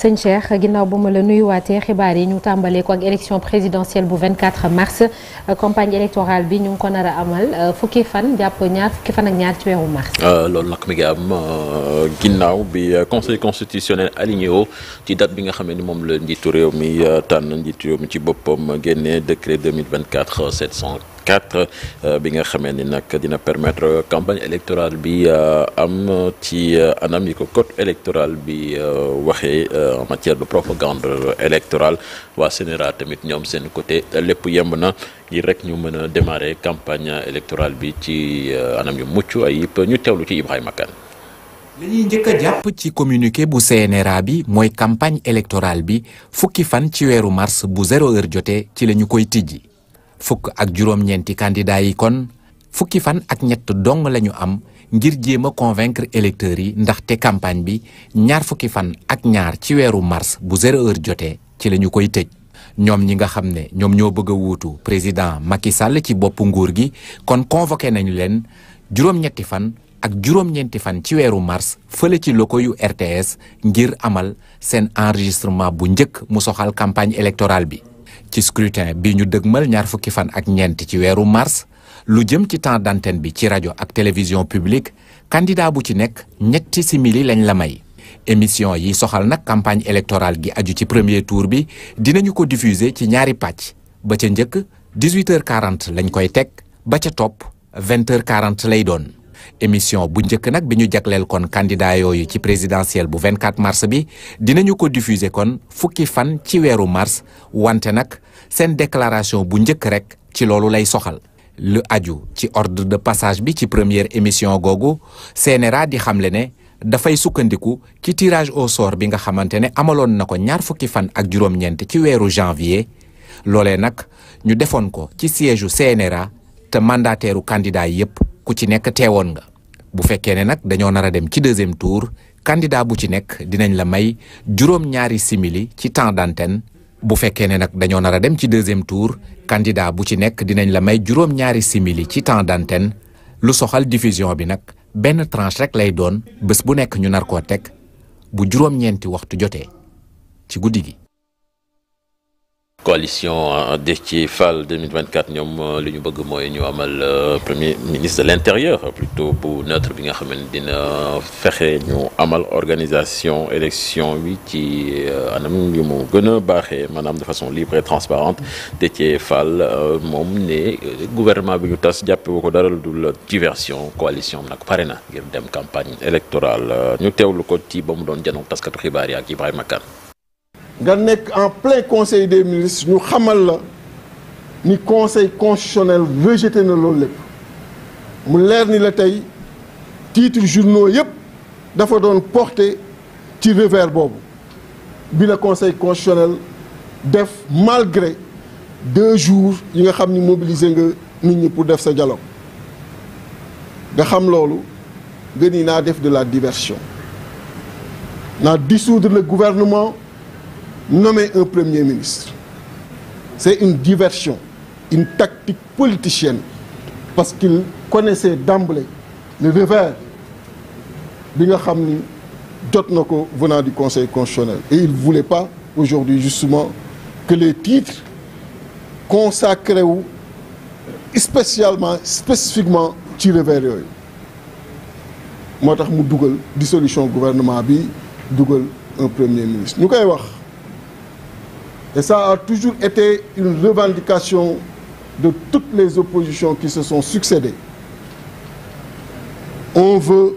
sëñ Cheikh ginnaaw ba ma la nuyuwaatee xibaar yi ñu tàmbalee ko ak élection présidentielle bu 24 mars campagne électorale bi ñu ngi ko nar amal euh, fukki fan jàpp ñaar fukki fan ak ñaar ci weeru mars. Euh, loolu nag mi ngi am euh, ginnaaw bi conseil constitutionnel aligné woo ci date bi nga xam ne moom la njiitu réew mi tànn njiitu réew mi ci boppam génnee décret 2024 700. 2024 euh, bi nga xamee ni nag dina permettre campagne électorale bi euh, am ci euh, anam yi ko code électoral bi waxee en matière de propagande électorale waa Sénégal tamit ñoom seen côté lépp yemb na ngir rek ñu mën a démarrer campagne électorale bi ci anam yu mucc ayib ñu teewlu ci Ibrahima Kane. li ñuy njëkk a jàpp ci communiqué bu CNRA bi mooy campagne électorale bi fukki fan ci weeru mars bu zéro heure jotee ci lañu ñu koy tijji. fukk ak juróom-ñeenti candidat yi kon fukki fan ak ñett dong lañu am ngir jéem a convaincre électeurs yi ndaxte campagne bi ñaar fukki fan ak ñaar ci weeru mars bu zéro heure jotee ci lañu koy tëj. ñoom ñi nga xam ne ñoom ñoo bëgg a wuutu président Macky Sall ci bopp nguur gi kon convoqué nañu leen juróom-ñetti fan ak juróom-ñeenti fan ci weeru mars fële ci loko yu RTS ngir amal seen enrigistrement bu njëkk mu soxal campagne électorale bi. ci scrutin bi ñu dëgmal ñaar fukki fan ak ñeenti ci weeru mars lu jëm ci temps d'antenne bi ci rajo ak télévision publique candidat bu ci nekk ñetti simili lañ la may émission yi soxal nag campagne électorale gi aju ci premier tour bi dinañu ko diffuser ci ñaari pàcc ba ca njëkk 18h40 lañ koy teg ba ca topp 20 h lay doon émission bu njëkk nag bi ñu jagleel kon candidat yooyu ci présidentielle bu 24 mars bi dinañu ko diffuser kon fukki fan ci weeru mars wante nag seen déclaration bu njëkk rek ci loolu lay soxal lu aju ci ordre de passage bi ci première émission googu CNRA di xamle ne dafay sukkandiku ci tirage au sort bi nga xamante ne amaloon na ko ñaar fukki fan ak juróom-ñeent ci weeru janvier loole nag ñu defoon ko ci siège u CNRA te mandataireu candidat yépp ku ci nekk teewoon nga bu fekkee ne nag dañoo nar a dem ci deuxième tour candidat bu ci nekk dinañ la may juróom-ñaari simili ci temps d'antenne bu fekkee ne nag dañoo nar a dem ci deuxième tour candidat bu ci nekk dinañ la may juróom-ñaari simili ci temps d'antenne lu soxal diffusion bi nag benn tranche rek lay doon bés bu nekk ñu nar koo teg bu juróom-ñeenti waxtu jotee ci guddi gi. coalition Déthié Fall 2024 ñoom euh, li ñu bëgg mooy ñu amal euh, premier ministre de l'intérieur plutôt bu neutre bi nga xam ne dina fexe ñu amal organisation élection bi ci euh, anam yu mu gën a baaxee maanaam de façon libre et transparente Déthié Fall moom ne gouvernement bi ñu tas jàppe ko dara lu dul diversion coalition nag pare na ngir dem campagne électoral ñu teewlu ko ci ba mu doon janoog taskatu xibaar yi ak Ibrahima Kane nga nekk en plein conseil des ministres ñu xamal la ni conseil constitutionnel rejeté na loolu lépp mu leer ni la tey titre journaux yëpp dafa doon porté ci revers boobu bi la conseil constitutionnel def malgré deux jours yi nga xam ni mobiliser nga nit ñi pour def sa dialogue nga xam loolu nga ni naa def de la diversion naa dissoudre le gouvernement nommer un premier ministre c'est une diversion une tactique politicienne parce qu'il connaissait d'emblée le revers bi nga xam ni jot na ko venant du conseil constitutionnel et il voulait pas aujourd'hui justement que les titres consacrés wu spécialement spécifiquement ci revers yooyu moo tax mu dugal dissolution gouvernement bi dugal un premier ministre ñu koy wax Et ça a toujours été une revendication de toutes les oppositions qui se sont succédées. On veut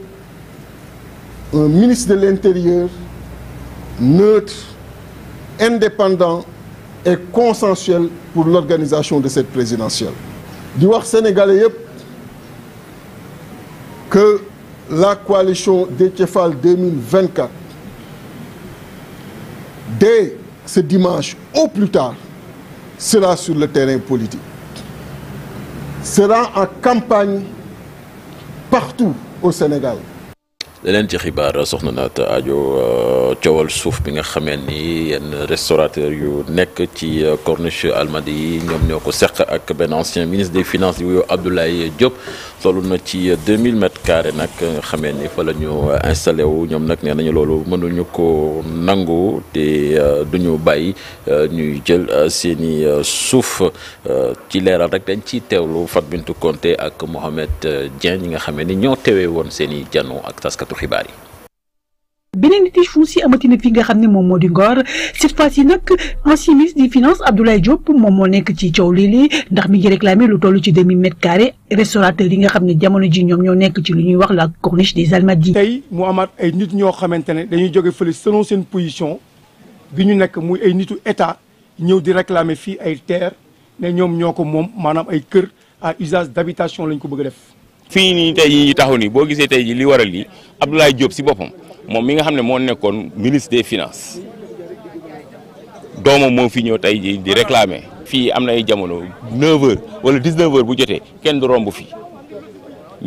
un ministre de l'Intérieur neutre, indépendant et consensuel pour l'organisation de cette présidentielle. di wax sénégalais yëpp que la coalition Déthié Fall 2024 dès ce dimanche au plus tard, sera sur le terrain politique, sera en campagne partout au Sénégal. leneen ci xibaar soxna naat aajo euh, coowal suuf bi nga xamee ni yenn restaurateur yu nekk ci euh, corniche almadi yi ñoom ñoo ko seq ak benn ancien ministre des finances di wuyoo Abdoulaye Diop tollu na ci 2000 mètres carrés nag nga xamee ni fa la ñu euh, installé wu ñoom nag nee nañu loolu mënuñu ko nangu te euh, duñu bàyyi euh, ñuy jël seeni suuf ci leeral rek dañ ciy teewlu Fat bintu Konté ak Mohamed Dieng ñi nga xamee ni ñoo tewee woon seeni janoo ak taskatu xibaar yi. beneen litige foncier amati nga xam ne moom moo di Ngor cette fois ci nag ancien ministre des finances Abdoulaye Diop moo nekk ci coow lii ndax mi ngi réclamé lu toll ci deux mille mètres carrés restaurateur yi nga xam ne jamono ji ñoom ñoo nekk ci lu ñuy wax la corniche des Almadies. tey mu amaat ay nit ñoo xamante ne dañuy jóge fële selon seen position bi ñu nekk muy ay nitu état ñëw di réclamer fii ay terre ne ñoom ñoo ko moom maanaam ay kër à usage d'habitation lañ ko bëgg def. fii nii tey jii ñu taxaw nii boo gisee tey jii li waral lii Abdoulaye Diop si boppam. moom mi nga xam ne moo nekkoon ministre des finance doomam moo fi ñëw tey jii di réclamer. fii am na ay jamono 9h wala 19h bu jotee kenn du romb fi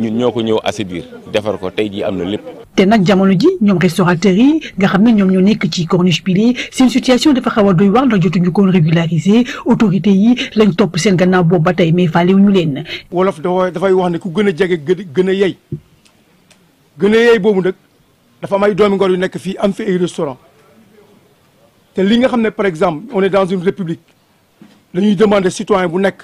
ñun ñoo ko ñëw assainir defar ko tey jii am na lépp. te nag jamono ji ñoom restaurateurs yi nga xam ne ñoom ñoo nekk ci corniche bi si situation dafa xaw a doy waar ndax jotuñu koon régulariser autorités yi lañ topp seen gannaaw boobu ba tey mais faale wu ñu leen. wolof dafay wax ne ku gën a jege gën a yey gën a boobu nag. dafa am ay doomi Ngor yu nekk fii am fi ay restaurant te li nga xam ne par exemple on est dans une république dañuy demander citoyen bu nekk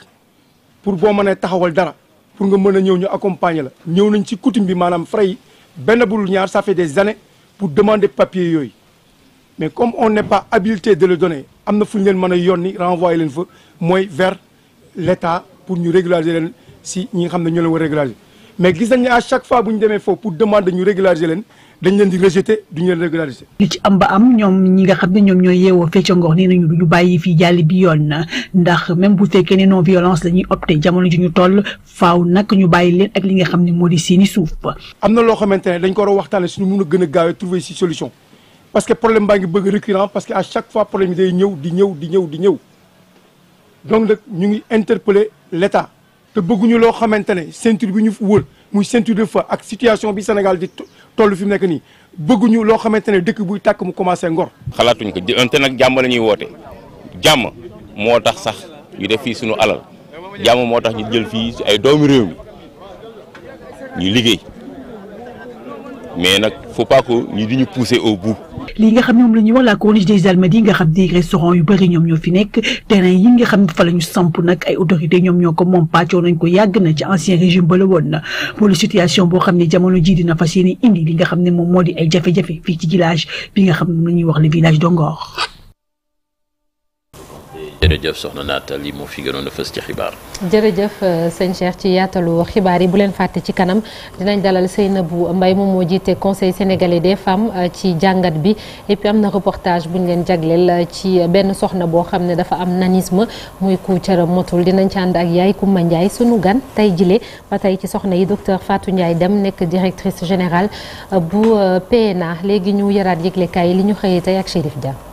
pour boo mënee taxawal dara pour nga mën a ñëw ñu accompagner la ñëw nañ si coutume bi maanaam frais yi benn bul ñaar ça fait des années pour demande papier yooyu mais comme on ne pas habilité de le donner am na fu ñu leen mën a yónni renvoyé leen fa mooy vers l'État pour ñu régulariser leen si ñi xam ne ñoo leen a régulariser mais gis nañ chaque fois bu ñu demee foofu pour demander ñu régulariser leen dañ leen di rejeté duñu leen régulariser. li ci am ba am ñoom ñi nga xam ne ñoom ñooy yeewoo fecca ngox nee nañu duñu bàyyi fii jàll bi yoon na ndax même bu fekkee ne non violence la ñuy opté jamono ji ñu toll faaw nag ñu bàyyi leen ak li nga xam ne moo di seeni suuf. am na loo xamante ne dañ ko war a waxtaane suñu mun a gën a gaawee trouver si solution parce que problème baa ngi bëgg récurrent parce que à chaque fois problème yi day ñëw di ñëw di ñëw di ñëw donc nag ñu ngi interpeller l' état te bëgguñu loo xamante ne ceinture bi ñu wër muy ceinture de feu ak situation bi Sénégal di toll fi mu nekk nii bëgguñu loo xamante ne dëkk buy tàkk mu commencé ngor. xalaatuñ ko te nag jàmm la ñuy woote jàmm moo tax sax ñu def fii suñu alal jàmm moo tax ñu jël fii ay doomi réew mi ñuy liggéey mais nag faut pas que ñu di ñu pousser au bout. lii nga xam ne moom la ñuy wax la corniche des Almadies nga xam ni restaurant yu bëri ñoom ñoo fi nekk terrain yi nga xam ne fa la ñu samp nag ay autorité ñoom ñoo ko moom pàccoo nañ ko yàgg na ci ancien régime ba la na pour la situation boo xam ne jamono ji dina fas yéene indi li nga xam ne moom moo di ay jafe-jafe fii ci village bi nga xam ne moom la ñuy wax le village de Ngor jërëjëf soxna Natal yi moo fi gënoon a fës ci xibaar. jërëjëf euh, sëñ Cheikh ci yaatalu xibaar yi bu leen fàtte ci kanam dinañ dalal Seynabou Mbaye moom moo jiite conseil sénégalais des femmes euh, ci jàngat bi et puis am na reportage bu ñu leen jagleel euh, ci benn soxna boo xam ne dafa am nanisme muy ku cëram motul dinañ ci ànd ak yaay Kumba Ndiaye sunu gan tey jile ba tey ci soxna yi docteur Fatou Ndiaye dem nekk directrice générale bu PNA léegi ñu yaraat yëglekaay yi li ñu xëyee tey ak Chérif Dia.